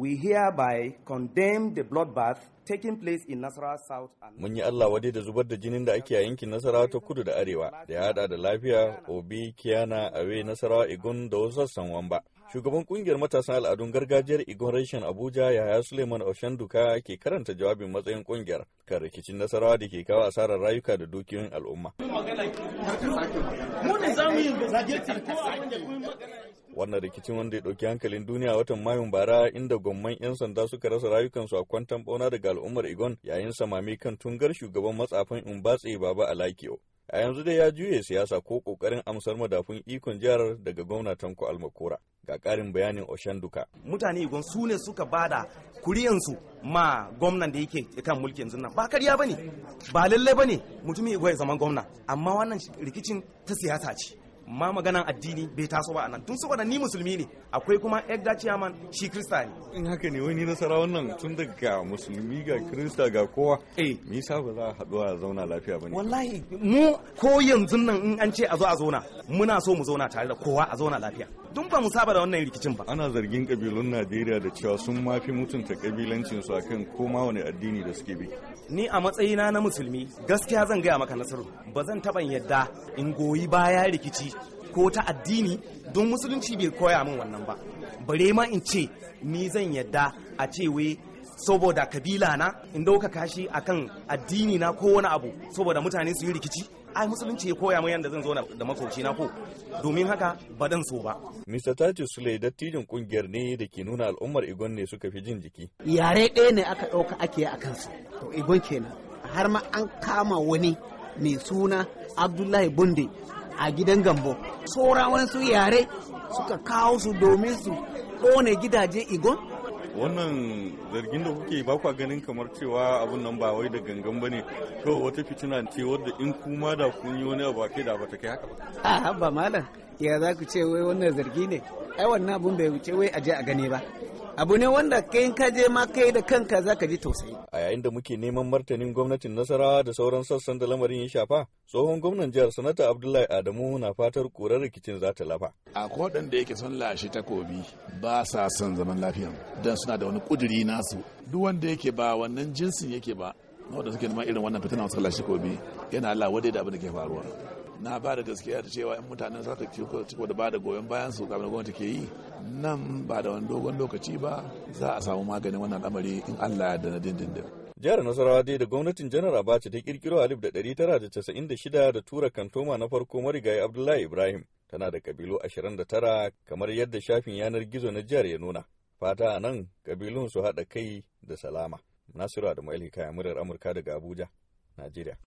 we hereby condemn the bloodbath taking place in Nasarawa South and Mun yi Allah wadai da zubar da jinin da ake a yankin Nasarawa ta kudu da arewa da ya hada da lafiya, obi, kiyana, awe, Nasarawa, igun da wasu sassan wamba. Shugaban kungiyar matasan al'adun gargajiyar Igon Reshen Abuja Yahaya Suleiman duka ke karanta jawabin matsayin kungiyar kan rikicin Nasarawa da ke kawo asarar rayuka da dukiyoyin al'umma. ne za mu yi ko wannan rikicin wanda ya ɗauki hankalin duniya watan mayun bara inda gwamman 'yan sanda suka rasa rayukansu a kwantan bauna daga al'ummar igon yayin samami kan tungar shugaban matsafin in batse baba alakiyo a yanzu dai ya juye siyasa ko kokarin amsar madafun ikon jihar daga gwamna tanko almakora ga karin bayanin duka mutane igon su ne suka bada kuriyansu ma gwamnan da yake kan mulkin yanzu nan ba karya bane ba lallai bane mutumin igon ya zama gwamna amma wannan rikicin ta siyasa ce ma maganan addini bai taso ba anan tun saboda ni musulmi ne akwai kuma edda chairman shi krista ne in haka ne wani nasara wannan tun daga musulmi ga krista ga kowa eh yasa ba za a haɗu a zauna lafiya ba wallahi mu ko yanzu nan in an ce a zo a zauna muna so mu zauna tare da kowa a zauna lafiya dun ba mu saba da wannan rikicin ba ana zargin kabilun najeriya da cewa sun mafi mutunta kabilancin su akan koma wani addini da suke bi ni a matsayina na musulmi gaskiya zan gaya maka nasiru ba zan taɓa yadda in goyi baya rikici ko ta addini don musulunci bai koya min wannan ba bare ma in ce ni zan yadda a ce saboda kabila na in ɗaukaka kashi akan addini na ko wani abu saboda mutane su yi rikici ai musulunci ya koya min yadda zan zo da makoci na ko domin haka ba dan so ba Mr. Tati sulai, dattijin kungiyar ne da ke nuna al'ummar Igon ne suka fi jin jiki yare ɗaya ne aka ɗauka ake a kansu to Igon kenan har ma an kama wani mai suna Abdullahi Bunde a gidan Gambo tsora wasu yare suka kawo su domin su kone gidaje igon wannan zargin da kuke ba kwa ganin kamar cewa abun nan ba wai da gangan ba ne ko wata fitina ce wadda in kuma da kun yi wani abu kai da ba ta kai haka ba a ah, ba malam ya za ku ce wai wannan zargi ne ai wannan abun bai wuce wai a je a gani ba abu ne wanda kai ka je ma kai da kanka za ka ji tausayi. A yayin da muke neman martanin gwamnatin Nasarawa da sauran sassan da lamarin ya shafa, tsohon gwamnan jihar Sanata Abdullahi Adamu na fatar korar rikicin za ta lafa. A waɗanda yake son lashe takobi ba sa son zaman lafiya don suna da wani kuduri nasu. Duk wanda yake ba wannan jinsin yake ba, wanda suke neman irin wannan fitina wasu lashe takobi yana Allah wadai da abin da ke faruwa. na ba da gaskiya da cewa 'yan mutanen za ta ciko da ba da goyon bayan su kamar gwamnati ke yi nan ba da wani dogon lokaci ba za a samu maganin wannan al'amari in Allah ya dana na dindindin. Jihar Nasarawa dai da gwamnatin Janar Abacha ta kirkiro alif da ɗari tara da casa'in da shida da tura kantoma na farko marigayi Abdullahi Ibrahim tana da kabilu ashirin da tara kamar yadda shafin yanar gizo na jihar ya nuna. Fata a nan kabilun su haɗa kai da salama. Nasiru Adamu Alhika, Murar Amurka daga Abuja, Najeriya.